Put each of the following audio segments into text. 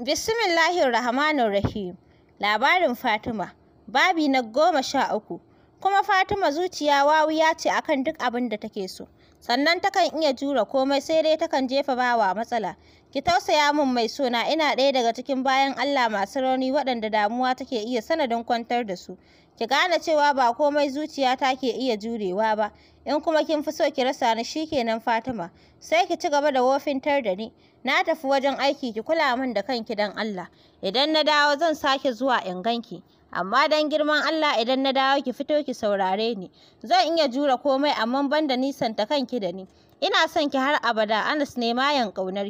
Bismillahirrahmanirrahim. Labarin Fatima, babi na goma sha uku. Kuma Fatima zuciya wawiya ce akan duk abin da take so. Sannan takan iya jura komai sai dai takan jefa bawa matsala. Ki tausaya min mai suna ina ɗaya daga cikin bayan Allah masu rauni waɗanda damuwa take iya sanadin kwantar da su. Ki gane cewa ba komai zuciya ta ke iya jurewa ba. In kuma kin fi so ki rasa ni shi kenan Fatima. Sai ki ci gaba da wofintar da ni. na tafi wajen aiki ki kula min da kanki dan Allah idan na dawo zan sake zuwa in ganki amma dan girman Allah idan na dawo ki fito ki saurare ni zan iya jura komai amma ban da nisanta kanki da ni ina son ki har abada Anas ne mayan kaunar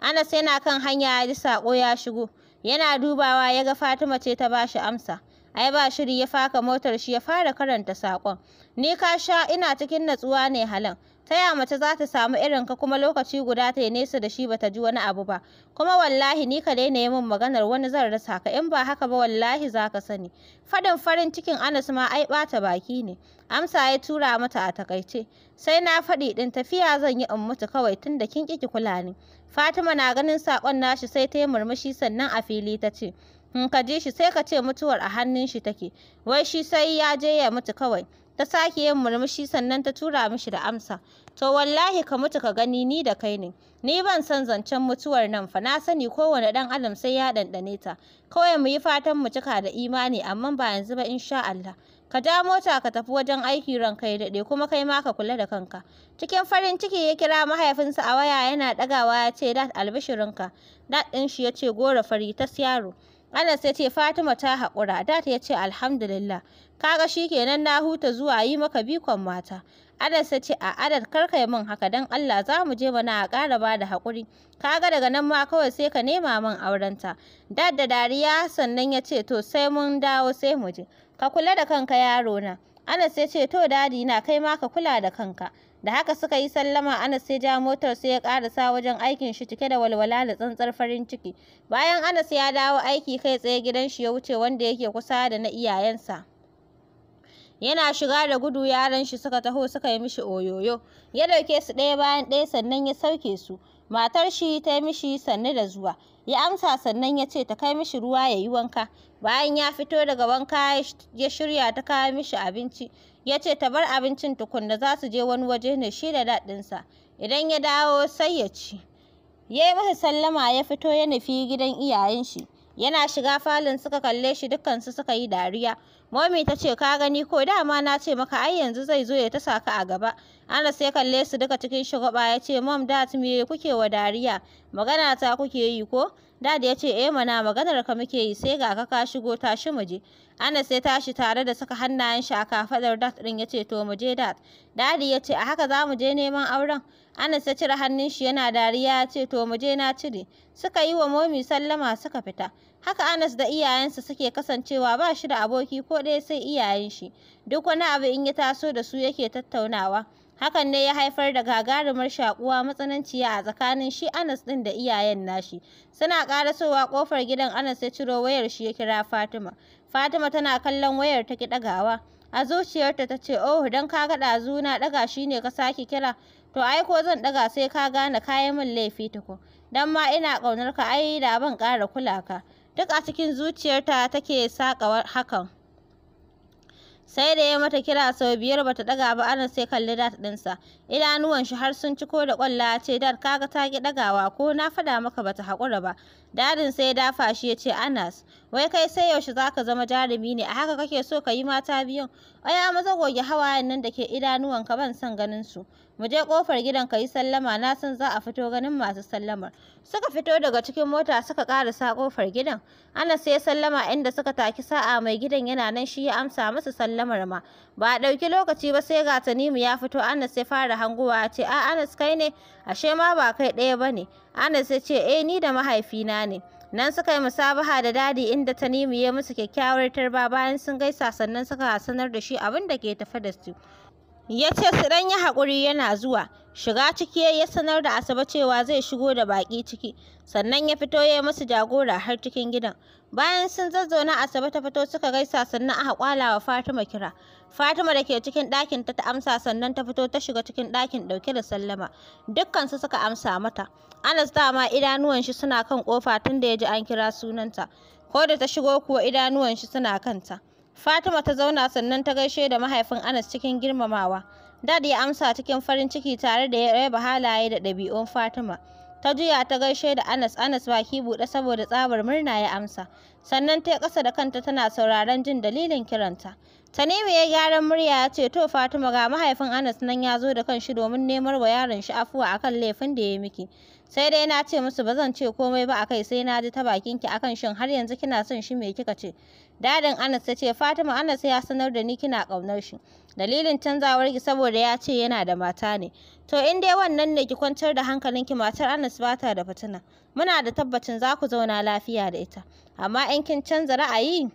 Anas yana kan hanya ya ji sako ya shigo yana dubawa yaga Fatima ce ta bashi amsa ai ba shiri ya faka motar shi ya fara karanta sakon ni ka sha ina cikin natsuwa ne halan taya mace za ta samu irin ka kuma lokaci guda ta yi nesa da shi ba ta ji wani abu ba kuma wallahi ni ka daina yi min maganar wani zan rasa ka in ba haka ba wallahi za ka sani Faɗin farin cikin anas ma ai bata baki ne amsa ya tura mata a takaice sai na faɗi ɗin tafiya zan yi in mutu kawai tun da kin ki kula ni fatima na ganin saƙon nashi sai ta yi murmushi sannan a fili ta ce in ka ji shi sai ka ce mutuwar a hannun shi take wai shi sai ya je ya mutu kawai ta sake yin murmushi sannan ta tura mishi da amsa to wallahi ka mutu ka gani ni da kai ne ni ban san zancen mutuwar nan fa na sani kowane dan adam sai ya dandane ta kawai mu yi fatan mu cika da imani amma ba yanzu ba insha Allah ka ja mota ka tafi wajen aiki ran kai daɗe kuma kai ma ka kula da kanka cikin farin ciki ya kira mahaifinsa a waya yana ɗagawa ya ce dat albishirinka dat ɗin shi ya ce gora fari tas yaro Anas ya ce Fatima ta haƙura, Dat ya ce alhamdulillah. ga shi kenan na huta zuwa yi maka bikon mata. Anas ya ce a adad karka yi min haka don Allah za mu je mana a ƙara ba da haƙuri. Kaga daga nan ma kawai sai ka nema min aurenta. Dad da dariya sannan ya ce to sai mun dawo sai mu je. Ka kula da kanka yaro na. Anas ya ce to dadi na kai ma ka kula da kanka. da haka suka yi sallama Anas ya ja motar sai ya karasa wajen aikin shi cike da walwala da tsantsar farin ciki bayan Anas ya dawo aiki kai tsaye gidan shi ya wuce wanda yake kusa da na iyayensa yana shiga da gudu yaran shi suka taho suka yi mishi oyoyo ya dauke su ɗaya bayan ɗaya sannan ya sauke su matar shi ta yi mishi sannu da zuwa ya amsa sannan ya ce ta kai mishi ruwa ya yi wanka bayan ya fito daga wanka ya shirya ta kawo mishi abinci ya ce ta bar abincin tukunna za su je wani waje ne shi da daɗinsa idan ya dawo sai ya ci ya yi masa sallama ya fito ya nufi gidan iyayen shi Yana shiga falin suka kalle shi dukkansu suka yi dariya. Momi ta ce ka gani ko dama na ce maka ai yanzu zai zo ya ta saka a gaba. ana ya kalle su duka cikin shugaba ya ce mom dat me kuke wa dariya magana ta kuke yi ko? Dad ya ce eh mana maganar ka muke yi sai ga ka ka shigo tashi mu je. Anas ya tashi tare da saka hannayen shi a kafadar dat din ya ce to mu je dad. Dadi ya ce a haka za mu je neman auren. Anas ya cire hannun shi yana dariya ya ce to mu je na cire. Suka yi wa momi sallama suka fita. Haka Anas da iyayensa suke kasancewa ba shi da aboki ko ɗaya sai iyayen shi. Duk wani abu in ya taso da su yake tattaunawa. Hakan ne ya haifar da gagarumar shakuwa matsananciya a tsakanin shi Anas ɗin da iyayen nashi. Suna sowa kofar gidan Anas ya ciro wayar shi ya kira Fatima. Fatima tana kallon wayar ta ki ɗagawa. A zuciyarta ta ce, Oh, don ka ga ɗazu na ɗaga shi ne ka sake kira. To ai ko zan ɗaga sai ka gane ka yi min laifi tukun. Dan ma ina ƙaunar ka ai da ban ƙara kula ka. Duk a cikin zuciyarta take saƙa hakan. Sai da ya mata kira sau biyar bata ɗaga ba ana sai kalli dat ɗinsa. idanuwan shi har sun ciko da ya ce dad kaga ta ki ɗagawa ko na fada maka bata hakura ba dadin sai ya dafa shi ya ce anas wai kai sai yaushe zaka zama jarumi ne a haka kake so ka yi mata biyun aya maza goge hawayen nan da ke idanuwan ka ban son ganin su mu je kofar gidan ka yi sallama na san za a fito ganin masu sallamar suka fito daga cikin mota suka karasa kofar gidan anas sai sallama inda suka taki sa'a mai gidan yana nan shi ya amsa musu sallamar ma ba a ɗauki lokaci ba sai ga tanimu ya fito anas ya fara hanguwa hangowa ce a Anas kai ne ashe ma ba kai ɗaya ba ne Anas ya ce eh ni da mahaifina ne nan suka yi musabaha da dadi inda Tanimu ya musu kyakkyawar tarba bayan sun gaisa sannan suka sanar da shi abin da ke tafe da su ya ce su ɗan yi haƙuri yana zuwa Shiga ciki ya sanar da Asabe cewa zai shigo da baki ciki, sannan ya fito ya musu jagora har cikin gidan. Bayan sun zazzauna Asabe ta fito suka gaisa sannan aka kwala wa Fatima kira. Fatima da ke cikin ɗakin ta ta amsa sannan ta fito ta shiga cikin ɗakin ɗauke da sallama. Dukkansu suka amsa mata. Anas dama idanuwan shi suna kan kofa tunda da ya ji an kira sunanta. Ko da ta shigo kuwa idanuwan shi suna kanta. Fatima ta zauna sannan ta gaishe da mahaifin Anas cikin girmamawa. Dad ya amsa cikin farin ciki tare da ya yaba halaye da ɗabi'un Fatima. Ta juya ta gaishe da Anas, Anas baki buɗe saboda tsabar murna ya amsa. Sannan ta yi ƙasa da kanta tana sauraron jin dalilin kiranta. Tanimu ya gyaran murya ya ce to Fatima ga mahaifin Anas nan ya zo da kanshi domin nemar wa yaron shi afuwa akan laifin da ya yi miki. sai dai na ce musu ba zan ce komai ba akai sai na ji ta bakin ki akan shin har yanzu kina son shi me kika ce dadin Anas ta ce Fatima Anas ya sanar da ni kina kaunar shi dalilin canzawar ki saboda ya ce yana da mata ne to in dai wannan ne ki kwantar da hankalinki matar Anas ba ta da fitina muna da tabbacin za ku zauna lafiya da ita amma in kin canza ra'ayi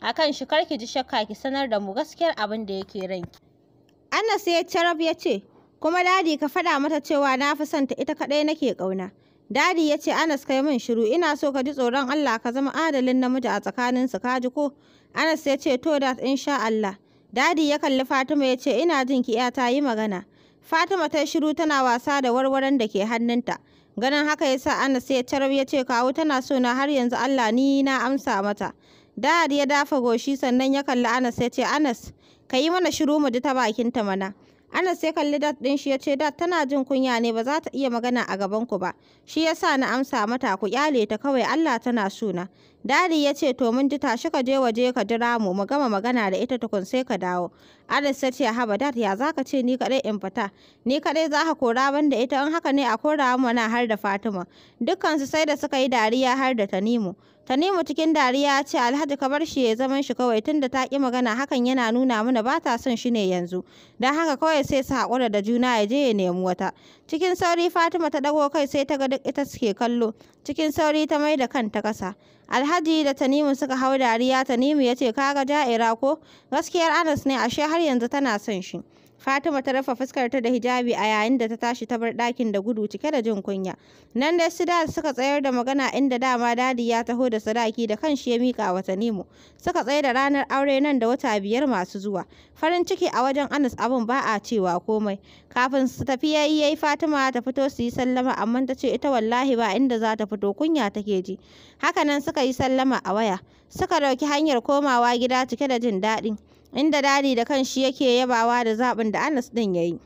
akan shi kar ki ji shakka ki sanar da mu gaskiyar abin da yake ranki Anas ya carab ya ce Kuma dadi ka faɗa mata cewa na fi son ta ita kaɗai nake ƙauna. Dadi ya ce Anas kai min shiru ina so ka ji tsoron Allah ka zama adalin namiji a tsakanin su kaji ko. Anas ya ce to in sha Allah. Dadi ya kalli Fatima ya ce ina jin ki ya ta yi magana. Fatima ta shiru tana wasa da warwaran da ke hannunta. Ganin haka ya sa Anas ya carab ya ce kawo tana so na har yanzu Allah ni na amsa mata. Dadi ya dafa goshi sannan ya kalli Anas ya ce Anas ka yi mana shiru mu ji ta bakinta mana. Anas sai kalli dat ɗin shi ya ce dat tana jin kunya ne ba za ta iya magana a gabanku ba. Shi ya sa na amsa mata ku kyale ta kawai Allah tana suna. Dadi ya ce to mun ji tashi ka je waje ka jira mu mu gama magana da ita tukun sai ka dawo. Anas ya ce haba dat ya zaka ce ni kadai in fita. Ni kadai za ka kora ban da ita in haka ne a kora mana har da Fatima. Dukkansu sai da suka yi dariya har da Tanimu. Tanimu cikin dariya ya ce Alhaji ka bar shi ya zaman shi kawai tun da ta ki magana hakan yana nuna mana ba ta son shi ne yanzu. Don haka kawai sai su haƙura da juna ya je ya nemi wata. Cikin sauri Fatima ta ɗago kai sai ta ga duk ita suke kallo. Cikin sauri ta mai da kanta ƙasa. Alhaji da Tanimu suka hau dariya Tanimu ya ce kaga ja'ira ko gaskiyar Anas ne ashe har yanzu tana son shi. Fatima ta rufe fuskarta da hijabi a yayin da ta tashi ta bar ɗakin da gudu cike da jin kunya. Nan dai su da suka tsayar da magana inda dama dadi ya taho da sadaki da kanshi ya mika wa Tanimu. Suka tsaye da ranar aure nan da wata biyar masu zuwa. Farin ciki a wajen Anas abun ba a cewa komai. Kafin su tafi yayi yayi Fatima ta fito su yi sallama amma ta ce ita wallahi ba inda za ta fito kunya take ji. Hakanan suka yi sallama a waya. Suka ɗauki hanyar komawa gida cike da jin daɗi. inda dadi da kanshi yake yabawa da zaɓin da Anas ɗin ya yi.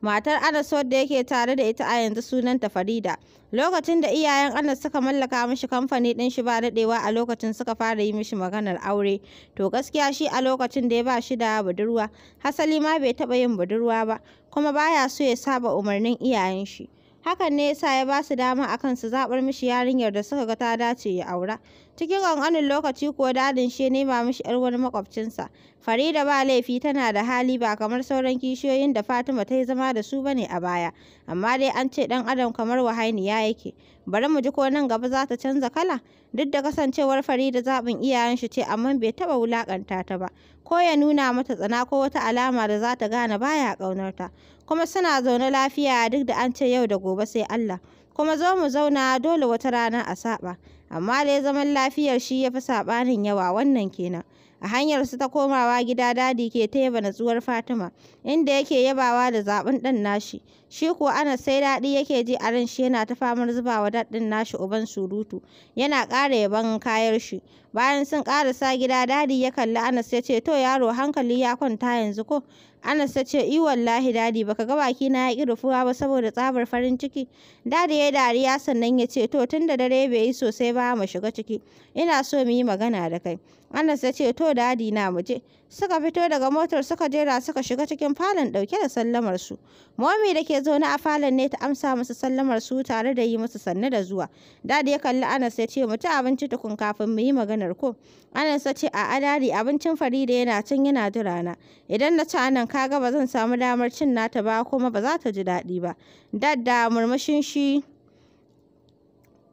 Matar Anas wadda yake tare da ita a yanzu sunanta Farida. Lokacin da iyayen Anas suka mallaka mishi kamfani ɗin shi ba daɗewa a lokacin suka fara yi mishi maganar aure. To gaskiya shi a lokacin da ya ba shi da budurwa, hasali ma bai taɓa yin budurwa ba, kuma baya so ya saba umarnin iyayen shi. hakan ne yasa ya ba su dama akan su zaɓar mishi yarinyar da suka ga ta dace ya aura cikin ƙanƙanin lokaci kuwa dadin shi ne nema mishi yar wani makwabcinsa farida ba laifi tana da hali ba kamar sauran kishiyoyin da fatima ta yi zama da su bane a baya amma dai an ce dan adam kamar wahainiya yake bari mu ji ko nan gaba za ta canza kala duk da kasancewar farida zaɓin iyayen shi ce amma bai taɓa wulaƙanta ta ba ko ya nuna mata tsana ko wata alama da za ta gane baya ƙaunarta kuma suna zaune lafiya duk da an ce yau da gobe sai Allah kuma zo mu zauna dole wata rana a saba amma dai zaman lafiyar shi ya fi saɓanin yawa wannan kenan a hanyar su ta komawa gida dadi ke ta yaba natsuwar fatima inda yake yabawa da zaɓen ɗan nashi shi ko ana sai daɗi yake ji a ran shi yana ta famar zubawa daɗin nashi uban surutu yana ƙara yaban kayar shi bayan sun ƙarasa gida dadi ya kalli anas ya ce to yaro hankali ya kwanta yanzu ko Anas ta ce, I wallahi dadi baka ga baki na ya ƙi rufuwa ba saboda tsabar farin ciki. Dadi ya dariya sannan ya ce, to tun da dare bai yi sosai ba mu shiga ciki. Ina so mu yi magana da kai. Anas ta ce, to dadi na muje suka fito daga motar suka jera suka shiga cikin falon ɗauke da sallamar su momi da ke zaune a falon ne ta amsa musu sallamar su tare da yi musu sanne da zuwa dadi ya kalli anas ya ce mu abinci tukun kafin mu yi maganar ko anas ya ce a adari abincin farida yana can yana jira na idan na ci anan kaga ba zan samu damar cin nata ba kuma ba za ta ji daɗi ba dadda murmushin shi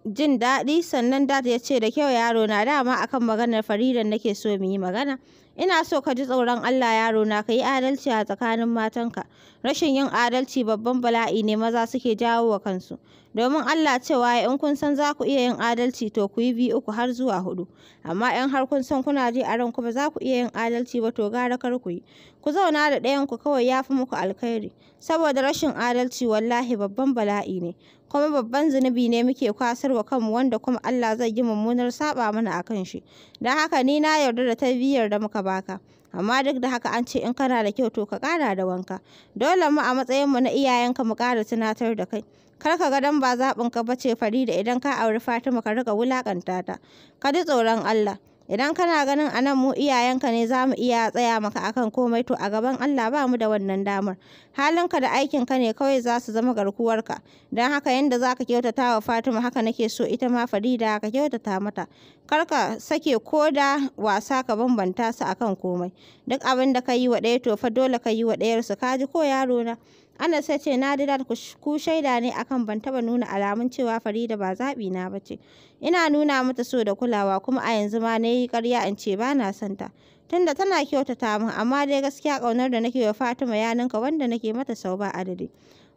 jin daɗi sannan dad ya ce da kyau yaro na dama akan maganar faridan nake so mu yi magana Ina so ka ji tsoron Allah yarona ka yi adalci a tsakanin matanka. Rashin yin adalci babban bala'i ne maza suke jawo wa kansu. Domin Allah cewa in kun san za ku iya yin adalci to ku yi biyu uku har zuwa hudu. Amma in har kun san kuna ji a ranku ba za ku iya yin adalci ba to gara kar ku yi. Ku zauna da ɗayan ku kawai ya fi muku alkhairi. Saboda rashin adalci wallahi babban bala'i ne. kuma babban zunubi ne muke kwasarwa kanmu wanda kuma Allah zai yi mummunar saba mana a kan shi don haka ni na yarda da tarbiyyar da muka baka amma duk da haka an ce in kana da kyau to ka kara da wanka dole mu a matsayin mu na iyayenka mu kara tunatar da kai kar ka ga dan ba zaɓin ka bace Farida idan ka auri Fatima ka riga wulakanta ta ka ji tsoron Allah Idan kana ganin a nan mu iyayenka ne za mu iya tsaya maka akan komai to a gaban Allah ba mu da wannan damar. Halinka da aikinka ne kawai za su zama garkuwarka. Don haka yadda za ka kyautata wa Fatima haka nake so ita ma Farida ka kyautata mata. Kar ka sake ko da wasa ka bambanta su akan komai. Duk abin da ka yi wa ɗaya to fa dole ka yi wa ɗayarsu ka ji ko yaro na. Anas ya ce na dad ku shaida ne akan ban taba nuna alamun cewa Farida ba zaɓi na ba ce. Ina nuna mata so da kulawa kuma a yanzu ma na yi ƙarya in ce ba na son Tunda tana kyautata min amma dai gaskiya kaunar da nake wa Fatima ya ninka wanda nake mata sau ba adadi.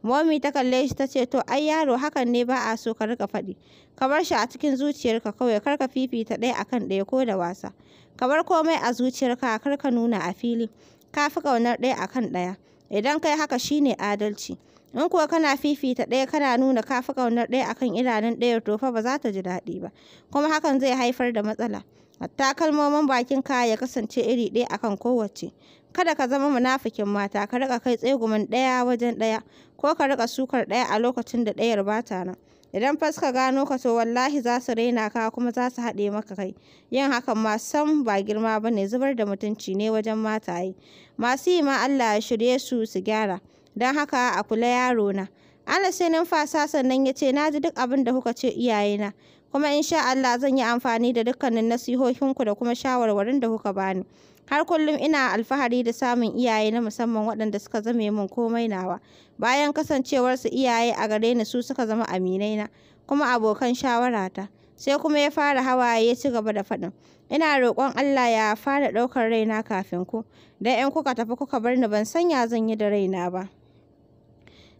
Momi ta kalle shi ta ce to ai yaro hakan ne ba a so ka rika faɗi. Ka bar shi a cikin zuciyarka kawai kar ka fifita ɗaya akan ɗaya ko da wasa. Ka bar komai a zuciyarka kar ka nuna a fili. Ka fi ƙaunar ɗaya akan ɗaya. Idan kai haka shi ne adalci. In kuwa kana fifita ɗaya kana nuna kafa ƙaunar ɗaya akan idanun ɗaya to fa ba za ta ji daɗi ba, kuma hakan zai haifar da matsala. Hatta kalmomin bakin ka ya kasance iri ɗaya akan kowacce. Kada ka zama munafikin mata, ka riƙa kai tsegumin ɗaya wajen ɗaya, ko ka riƙa sukar ɗaya a lokacin da ɗayar bata nan. idan faska gano ka to wallahi za su raina ka kuma za su haɗe maka kai yin hakan ma sam ba girma ba ne zubar da mutunci ne wajen yi masu yi ma Allah ya shirye su su gyara don haka a kula yaro na Allah sai numfasa sannan ya ce na ji duk abin da kuka ce iyayena kuma insha Allah zan yi amfani da dukkanin nasihohinku da kuma shawarwarin da kuka bani Har kullum ina alfahari da samun iyaye na musamman waɗanda suka zame min komai nawa. Bayan kasancewarsu iyaye a gare ni su suka zama aminai na kuma abokan shawarata. Sai kuma ya fara hawaye ya ci gaba da faɗin, ina roƙon Allah ya fara ɗaukar raina kafin ku, don in kuka tafi kuka bar ni ban sanya zan yi da raina ba.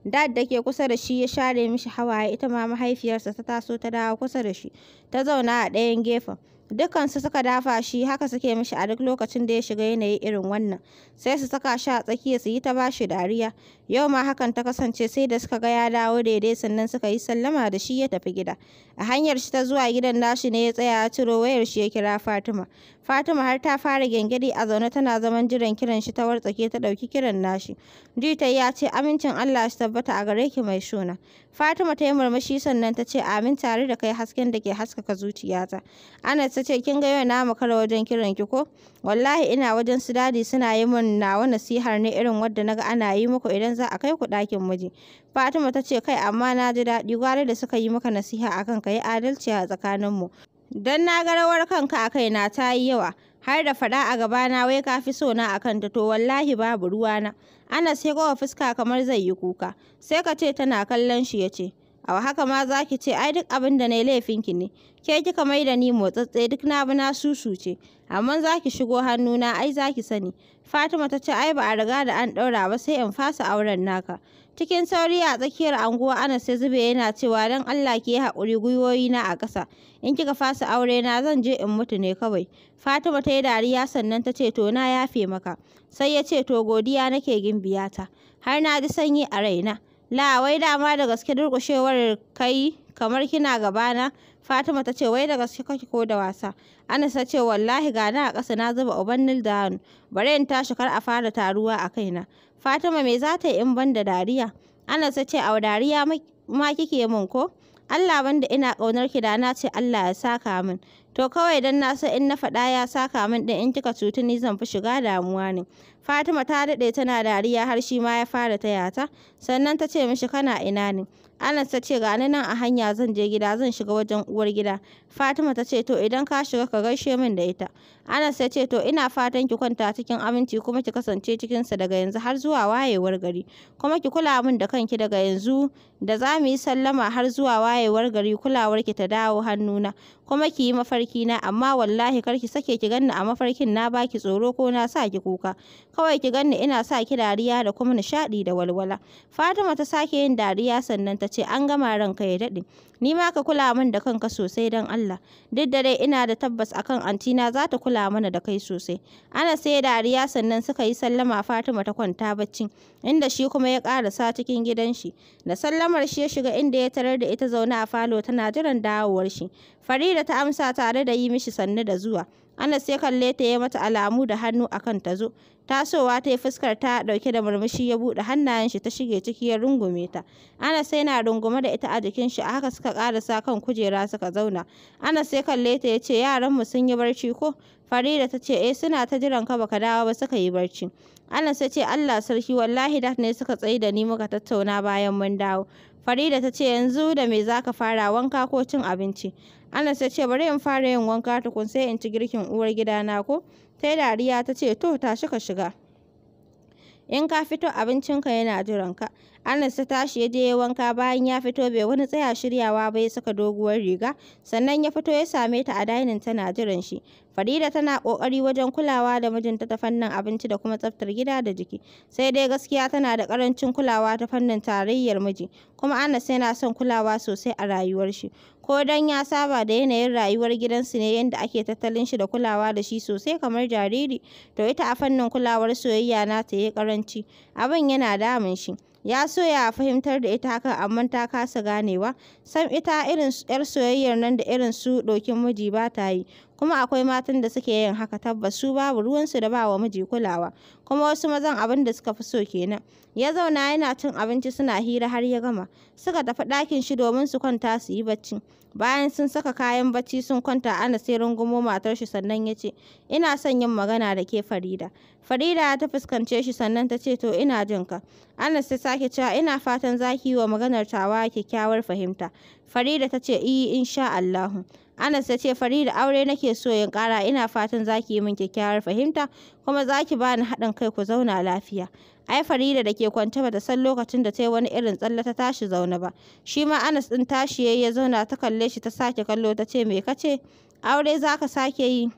Dad da ke kusa da shi ya share mishi hawaye ita ma mahaifiyarsa ta taso ta dawo kusa da shi, ta zauna a ɗayan gefen. Dukansu suka dafa shi haka suke mishi a duk lokacin da ya shiga yanayi irin wannan. Sai su saka shi a tsakiya su yi ta bashi dariya. Yau ma hakan ta kasance sai da suka ga ya dawo daidai sannan suka yi sallama da shi ya tafi gida. A hanyar shi ta zuwa gidan nashi ne ya tsaya ya ciro wayar shi ya kira Fatima. Fatima har ta fara gyangyaɗi a zaune tana zaman jiran kiran shi ta wartsake ta ɗauki kiran nashi. dita ya ce amincin Allah shi tabbata a gare ki mai shuna. Fatima ta yi murmushi sannan ta ce amin tare da kai hasken da ke haskaka zuciyata. Anas ta ce kin ga yau na makara wajen kiran ki ko? Wallahi ina wajen su dadi suna yi min nawa nasihar ne irin wadda naga ana yi muku idan za a kai ku ɗakin miji. Fatima ta ce kai amma na ji daɗi gwara da suka yi maka nasiha akan ka yi adalci a tsakaninmu. Don na ga rawar kanka a kaina ta yi yawa, har da faɗa a gabana wai ka fi sona a kanta to wallahi babu ruwa na. ana sai kowa fuska kamar zai yi kuka, sai ka ce tana kallon shi ya ce, a haka ma za ki ce ai duk abin da na ki ne, ke kika mai da ni motsatse duk na bi na ce. amma za ki shigo hannuna ai za ki sani. Fatima ta ce ai ba a riga da an ɗaura ba sai in fasa auren naka. Cikin sauri a tsakiyar anguwa Anas sai zube yana cewa don Allah ki yi haƙuri gwiwoyina a ƙasa. In kika fasa aure na zan je in mutu ne kawai. Fatima ta yi dariya sannan ta ce to na yafe maka. Sai ya ce to godiya nake gimbiyata. Har na ji sanyi a raina. La wai dama da gaske durƙushewar kai kamar kina gabana Fatima ta ce wai da gaske kake ko da wasa. Anas ta ce wallahi ga na a ƙasa na zuba uban nil da hannu. Bari in tashi kar a fara taruwa a kaina. Fatima me za ta yi in ban da dariya? Anas ta ce a dariya ma kike min ko? Allah banda ina kaunar ki da na ce Allah ya saka min. To kawai dan na san in na faɗa ya saka min din in kika cutu ni zan fi shiga damuwa ne. Fatima ta daɗe tana dariya har shi ma ya fara taya ta. Sannan ta ce mishi kana ina ne? Anas ta ce ga nan a hanya zan je gida zan shiga wajen uwar gida. Fatima ta ce to idan ka shiga ka gaishe min da ita. Anas ta ce to ina fatan ki kwanta cikin aminci kuma ki kasance cikin sa daga yanzu har zuwa wayewar gari. Kuma ki kula min da kanki daga yanzu da za mu yi sallama har zuwa wayewar gari kulawar ki ta dawo hannuna. Kuma ki yi mafarki na amma wallahi kar ki sake ki ganni a mafarkin na baki tsoro ko na sa ki kuka. Kawai ki ganni ina sa ki dariya da kuma nishaɗi da walwala. Fatima ta sake yin dariya sannan ta ta ce an gama ranka ya daɗe ni ma ka kula min da kanka sosai don Allah duk da dai ina da tabbas a kan antina za ta kula mana da kai sosai ana sai da ariya sannan suka yi sallama Fatima ta kwanta bacci inda shi kuma ya ƙarasa cikin gidan shi da sallamar shi ya shiga inda ya tarar da ita zaune a falo tana jiran dawowar shi Farida ta amsa tare da yi mishi sannu da zuwa Anas ya kalle ta ya mata alamu da hannu akan ta zo. Tasowa ta yi fuskar ta dauke da murmushi ya buɗe hannayen shi ta shige ciki ya rungume ta. Anas yana rungume da ita a jikin shi a haka suka karasa kan kujera suka zauna. Anas ya kalle ta ya ce yaran mu sun yi barci ko? Farida ta ce eh suna ta jiran ka baka dawo ba suka yi barci. Anas ya ce Allah sarki wallahi da ne suka tsayi da ni muka tattauna bayan mun dawo. Farida ta ce yanzu da me zaka fara wanka ko cin abinci? Anas sai ce bari in fara yin wanka tukun sai in ci girkin uwar gidana ko? Ta dariya ta ce to tashi ka shiga. In ka fito abincinka yana jiranka. Anas ta tashi ya je ya wanka bayan ya fito bai wani tsaya shiryawa ba ya saka doguwar riga sannan ya fito ya same ta a dainin tana jiran shi. Farida tana kokari wajen kulawa da mijinta ta fannin abinci da kuma tsaftar gida da jiki. Sai dai gaskiya tana da karancin kulawa ta fannin tarayyar miji kuma Anas yana son kulawa sosai a rayuwar shi. ko dan ya saba da yanayin rayuwar gidansu ne yadda ake tattalin shi da kulawa da shi sosai kamar jariri to ita a fannin kulawar soyayya na ta yi karanci abin yana damun shi ya so ya fahimtar da ita hakan amma ta kasa ganewa sam ita irin yar soyayyar nan da irin su ɗokin miji ba ta yi kuma akwai matan da suke yin haka tabbas su babu ruwansu da ba wa miji kulawa kuma wasu mazan abin da suka fi so kenan ya zauna yana cin abinci suna hira har ya gama suka tafi ɗakin shi domin su kwanta su yi bacci bayan sun saka kayan bacci sun kwanta ana sai rungumo matar shi sannan ya ce ina son yin magana da ke farida farida ta fuskance shi sannan ta ce to ina jin ka anas ta sake cewa ina fatan za ki yi wa maganar tawa kyakkyawar fahimta farida ta ce iya eh, insha allahu Anas ya ce Farida aure nake so yin kara ina fatan zaki yi min kyakkyawar fahimta kuma za ki bani haɗin kai ku zauna lafiya. Ai Farida da ke kwance ba ta san lokacin da ta yi wani irin tsalle ta tashi zaune ba. Shi ma Anas ɗin tashi ya ya zauna ta kalle shi ta sake kallo ta ce me ce aure za ka sake yi.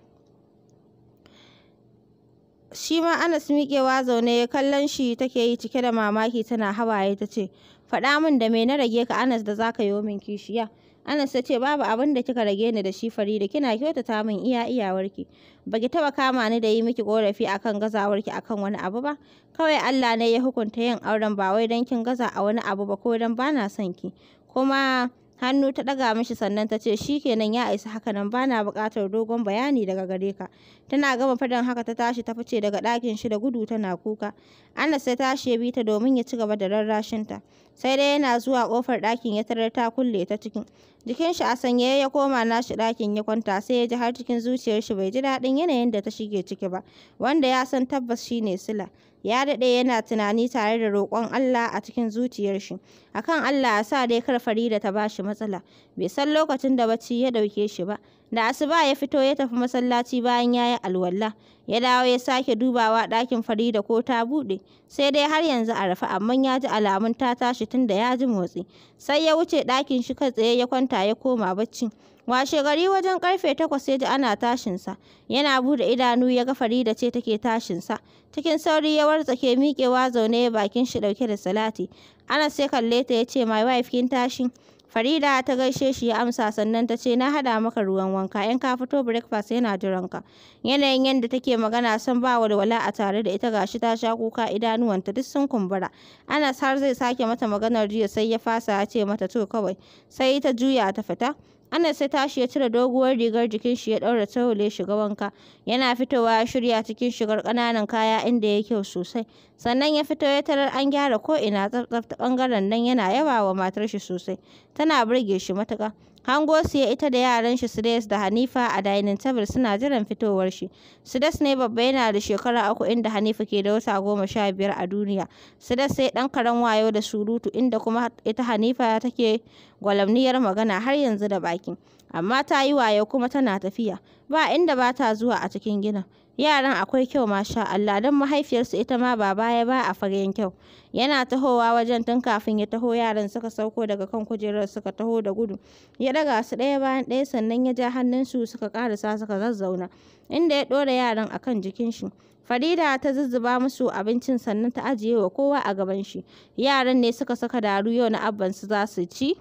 Shi ma Anas miƙewa zaune ya kallon shi take yi cike da mamaki tana hawaye ta ce faɗa min da me na rage ka Anas da za ka yi min kishiya. Anas ta ce babu abin da kika rage ni da shi Farida kina kyautata min iya iyawarki. Baki taba kama ni da yi miki korafi akan gazawarki akan wani abu ba. Kawai Allah ne ya hukunta yin auren ba wai don kin gaza a wani abu ba ko don bana son ki. Kuma hannu ta ɗaga mishi sannan ta ce shi kenan ya isa haka nan na buƙatar dogon bayani daga gare ka tana gama fadin haka ta tashi ta fice daga ɗakin shi da gudu tana kuka Anas sai tashi ya bi ta domin ya ci gaba da rarrashinta sai dai yana zuwa ƙofar ɗakin ya tarar ta kulle ta cikin jikin shi a sanyaye ya koma nashi ɗakin ya kwanta sai ya ji har cikin zuciyar shi bai ji daɗin yanayin da ta shige ciki ba wanda ya san tabbas shine sila Ya daɗe yana tunani tare da roƙon Allah a cikin zuciyarshi. A kan Allah a sa dai kar Farida ta ba shi matsala. Bai san lokacin da bacci ya ɗauke shi ba. da asuba ya fito ya tafi masallaci bayan ya yi alwala ya dawo ya sake dubawa ɗakin farida ko ta buɗe sai dai har yanzu a rafa amma ya ji alamun ta tashi tun da ya ji motsi sai ya wuce ɗakin shi kai tsaye ya kwanta ya koma bacci washe gari wajen karfe takwas ya ji ana tashinsa yana buɗe idanu ya ga farida ce take tashinsa cikin sauri ya wartsake miƙewa zaune ya bakin shi ɗauke da salati ana sai kalle ta ya ce my wife kin tashi Farida ta gaishe shi ya amsa sannan ta ce na haɗa maka ruwan wanka yan ka fito breakfast yana jiranka. Yanayin yadda take magana san ba walwala a tare da ita gashi ta sha kuka idanuwanta duk sun kumbura. Anas har zai sake mata maganar jiya sai ya fasa ya ce mata to kawai sai ta juya ta fita. Anas ya tashi ya cire doguwar rigar jikin shi ya ɗaura tawul ya shiga wanka. Yana fitowa ya shirya cikin shigar ƙananan kaya inda ya kyau sosai. Sannan ya fito ya tarar an gyara ko'ina tsaf-tsaf ta ɓangaren nan yana yaba wa matar shi sosai. Tana burge shi matuƙa. Hango siya ita da yaran shi su da Hanifa a dining table suna jiran fitowar shi. Sudes ne babba yana da shekara uku inda Hanifa ke da wata goma sha biyar a duniya. Sudes sai ɗan karen wayo da surutu inda kuma ita Hanifa take gwalamniyar magana har yanzu da baki. Amma ta yi wayo kuma tana tafiya. Ba inda ba ta zuwa a cikin ginin. Yaran akwai kyau masha Allah, don mahaifiyarsu ita ma ba baya ba a fagen kyau. Yana tahowa wajen tun kafin ya taho yaran suka sauko daga kan kujerar suka taho da gudu. Ya daga su ɗaya bayan ɗaya sannan ya ja hannunsu suka ƙarasa suka zazzauna, inda ya ɗora yaran a kan jikin shi. Farida ta zuzzuba musu abincin sannan ta ajiye wa kowa a gaban shi. Yaran ne suka saka daru yau na su za su ci.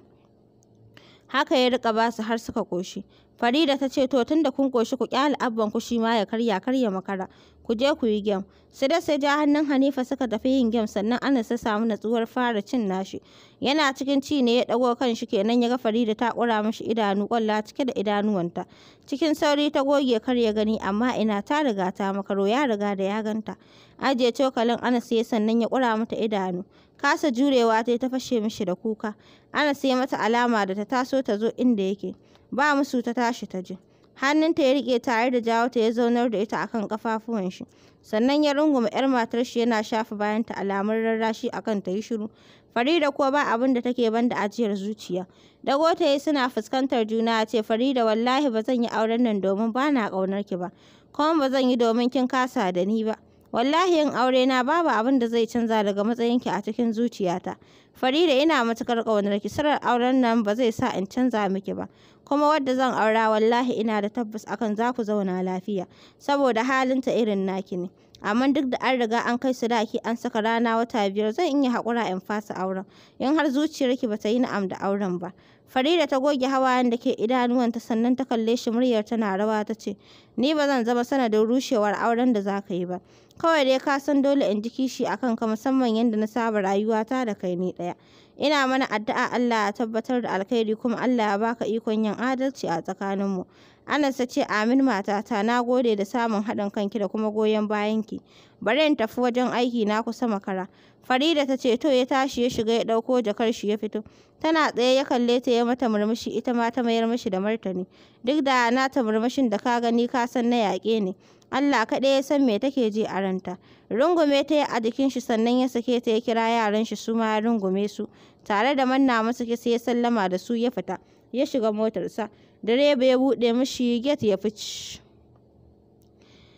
Haka ya riƙa ba su har suka ƙoshi. Farida ta ce to tunda kun ƙoshi ku ƙyale abban ku shi ma ya karya karya makara. Ku je ku yi gem. Sai dai sai ja hannun Hanifa suka tafi yin gem sannan Anas ta samu natsuwar fara cin nashi. Yana cikin ci ne ya ɗago kan shi kenan ya ga Farida ta ƙura mashi idanu ƙwalla cike da idanuwanta. Cikin sauri ta goge kar ya gani amma ina ta riga ta makaro ya riga da ya ganta. Ajiye cokalin Anas ya sannan ya ƙura mata idanu. Kasa jurewa ta yi ta fashe mishi da kuka. Ana sai mata alama da ta taso ta zo inda yake. Ba musu ta tashi ta je. Hannunta ya rike tare da jawo ta ya zaunar da ita akan kafafuwan shi. Sannan ya runguma 'yar matar shi yana shafa bayan ta alamun rarrashi akan ta yi shiru. Farida kuwa ba abin da take banda ajiyar zuciya. Dago ta yi suna fuskantar juna a ce Farida wallahi ba zan yi auren nan domin ba na ƙaunar ki ba. Kuma ba zan yi domin kin kasa da ni ba. Wallahi yin aure na babu abin da zai canza daga matsayinki a cikin zuciyata. Farida ina matukar ƙaunarki, sirar auren nan ba zai sa in canza miki ba. Kuma wadda zan aura wallahi ina da tabbas akan za ku zauna lafiya, saboda halinta irin naki ne. Amma duk da an riga an kai su daki an saka rana wata biyar zan iya haƙura in fasa auren, in har zuciyarki ba ta yi na'am da auren ba. Farida ta goge hawayen da ke idanuwanta sannan ta kalle shi muryar tana rawa ta ce, Ni ba zan zama sanadin rushewar auren da za ka yi ba. Kawai dai ka san dole in ji kishi a kanka musamman yadda na saba rayuwata da kai ni ɗaya. Ina mana addu'a Allah ya tabbatar da alkhairi kuma Allah ya baka ikon yin adalci a tsakaninmu. Anas ta ce amin matata na gode da samun haɗin kanki da kuma goyon bayanki. Bari in tafi wajen aiki na kusa makara. Farida ta ce to ya tashi ya shiga ya ɗauko jakar shi ya fito. Tana tsaye ya kalle ta ya mata murmushi ita ma ta mayar mashi da martani. Duk da ta murmushin da ka gani ka san na yaƙe ne. Allah kaɗai ya san me take je a ranta. Rungume ta a jikin shi sannan ya sake ta ya kira yaran shi su ma rungume su. Tare da manna musu kisa ya sallama da su ya fita. ya shiga motarsa direba ya buɗe mashi, get ya fice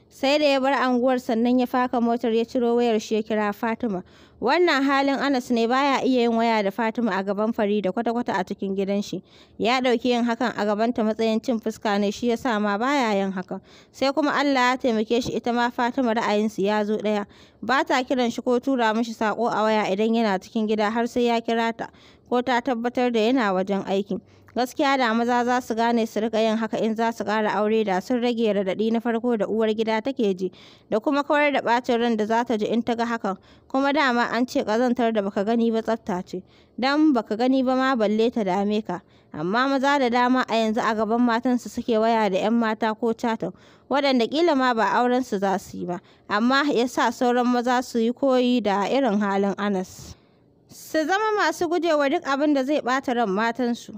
sai da ya bar anguwar sannan ya faka motar ya ciro wayar shi ya kira Fatima wannan halin Anas ne baya iya yin waya da Fatima a gaban fari da kwata-kwata a cikin gidan shi ya ɗauki yin hakan a gabanta matsayin cin fuska ne shi ya sa ma baya yin hakan sai kuma Allah ya taimake shi ita ma Fatima ra'ayinsu ya zo ɗaya. ba ta kiran shi ko tura mashi sako a waya idan yana cikin gida har sai ya kira ta ko ta tabbatar da yana wajen aikin gaskiya da maza za su gane su rika yin haka in za su ƙara aure da sun rage radadi na farko da uwar gida take ji da kuma kawar da ɓacin ran da za ta ji in ta ga hakan kuma dama an ce kazantar da baka gani ba tsafta ce dan baka gani ba ma balle ta dame ka amma maza da dama a yanzu a gaban matansu suke waya da 'yan mata ko catan waɗanda kila ma ba auren su za su yi ba amma ya sa sauran maza su yi koyi da irin halin anas su zama masu gujewa duk abin da zai bata ran matansu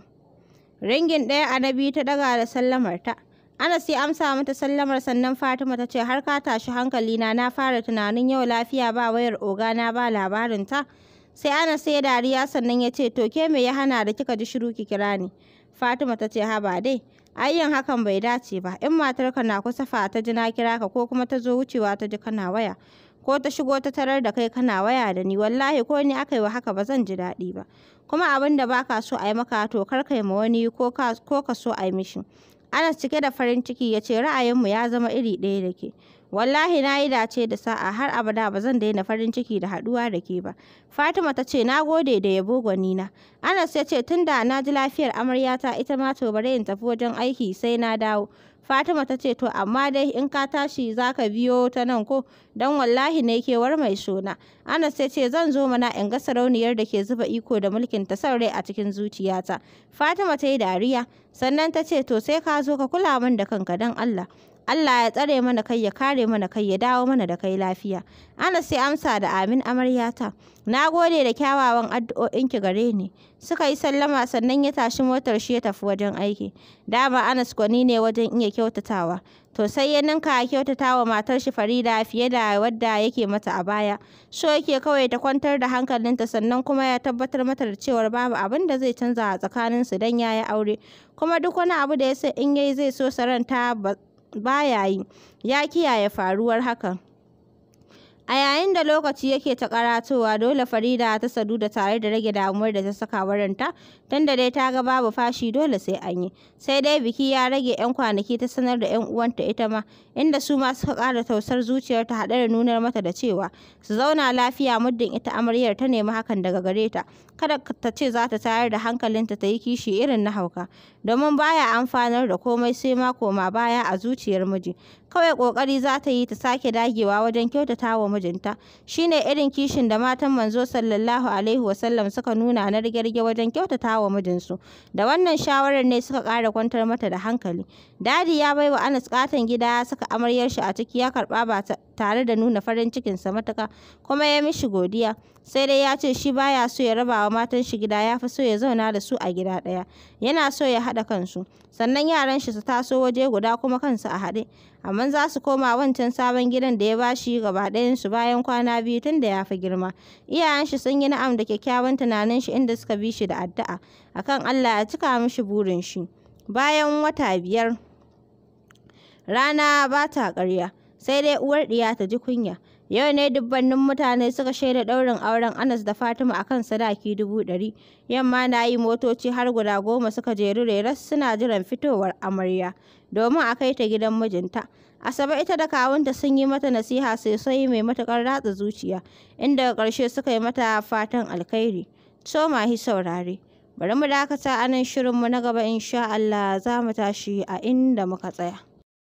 Ringin ɗaya a biyu ta daga da sallamarta. Anas ya amsa mata sallamar sannan Fatima ta ce har ka tashi hankali na na fara tunanin yau lafiya ba wayar oga na ba labarin ta. Sai Anas ya dariya sannan ya ce to ke me ya hana da kika ji shiru ki kira ni. Fatima ta ce ha ba dai ayyan hakan bai dace ba in matarka na kusa fa ta ji na kira ka ko kuma ta zo wucewa ta ji kana waya. ko ta shigo ta tarar da kai kana waya da ni wallahi ko ni aka yi wa haka ba zan ji daɗi ba kuma abin da baka so a yi maka to kar kai ma wani ko ka so a yi mishi Anas cike da farin ciki ya ce ra'ayinmu ya zama iri ɗaya da ke wallahi na yi dace da sa'a har abada ba zan daina farin ciki da haɗuwa da ke ba fatima ta ce na gode da yabo gwanina anas ya ce tun da na ji lafiyar amaryata ita ma to bari in tafi wajen aiki sai na dawo Fatima ta ce to amma dai in ka tashi za ka biyo ta nan ko don wallahi ne war mai suna Anas ta ce zan zo mana in ga sarauniyar da ke zuba iko da mulkin ta rai a cikin zuciyata. Fatima ta yi dariya sannan ta ce to sai ka zo ka kula min da kanka don Allah. Allah ya tsare mana kai ya kare mana kai ya dawo mana da kai lafiya. Anas sai amsa da amin amaryata. Na gode da kyawawan addu'o'in ki gare ni. Suka yi sallama sannan ya tashi motar shi ya tafi wajen aiki. Dama Anas gwani ne wajen iya kyautatawa. To sai ya ninka ya wa matar shi Farida fiye da wadda yake mata a baya. So yake kawai ta kwantar da hankalinta sannan kuma ya tabbatar mata da cewar babu abin da zai canza a tsakaninsu don ya yi aure. Kuma duk wani abu da ya san in yayi zai so saranta ba ba ya yi, ya kiyaye faruwar hakan. A yayin da lokaci yake ta karatowa, dole Farida ta sadu da tare da rage damuwar da ta saka waranta don da dai ta ga babu fashi dole sai an yi. Sai dai biki ya rage 'yan kwanaki ta sanar da 'yan uwanta ita ma, inda su ma suka ƙara tausar zuciyarta haɗe da nunar mata da cewa su zauna lafiya muddin ita amaryar ta nemi hakan daga gare ta. Kada ta ce za ta tayar da hankalinta ta yi kishi irin na hauka, domin baya amfanar da komai sai ma koma baya a zuciyar miji. kawai ƙoƙari za ta yi ta sake dagewa wajen kyautata wa mijinta shine irin kishin da matan manzo sallallahu alaihi wasallam suka nuna na rigirge wajen kyautata wa mijinsu da wannan shawarar ne suka ƙara kwantar mata da hankali dadi ya bai wa anas katon gida ya saka amaryar shi a ciki ya karɓa ba tare da nuna farin cikinsa matuka kuma ya mishi godiya sai dai ya ce shi baya so ya rabawa matan shi gida ya fi so ya zauna da su a gida ɗaya yana so ya haɗa kansu sannan yaran shi su taso waje guda kuma kansu a haɗe amma za su koma wancan sabon gidan da ya ba shi gaba ɗayan su bayan kwana biyu tun da ya fi girma iyayen shi sun yi na'am da kyakkyawan tunanin shi inda suka bi shi da addu'a akan Allah ya cika mishi burin shi bayan wata biyar rana ba ta ƙarya sai dai uwar ɗiya ta ji kunya. Yau ne dubbannin mutane suka shaida ɗaurin auren Anas da Fatima a kan sadaki dubu ɗari. Yamma na yi motoci har guda goma suka jeru reras suna jiran fitowar amarya domin a kai ta gidan mijinta. Asabe ita da kawunta sun yi mata nasiha sosai mai matuƙar ratsa zuciya, inda karshe suka yi mata fatan alkhairi. So hi saurare, bari mu dakata anan shirinmu na gaba insha Allah za mu tashi a inda muka tsaya.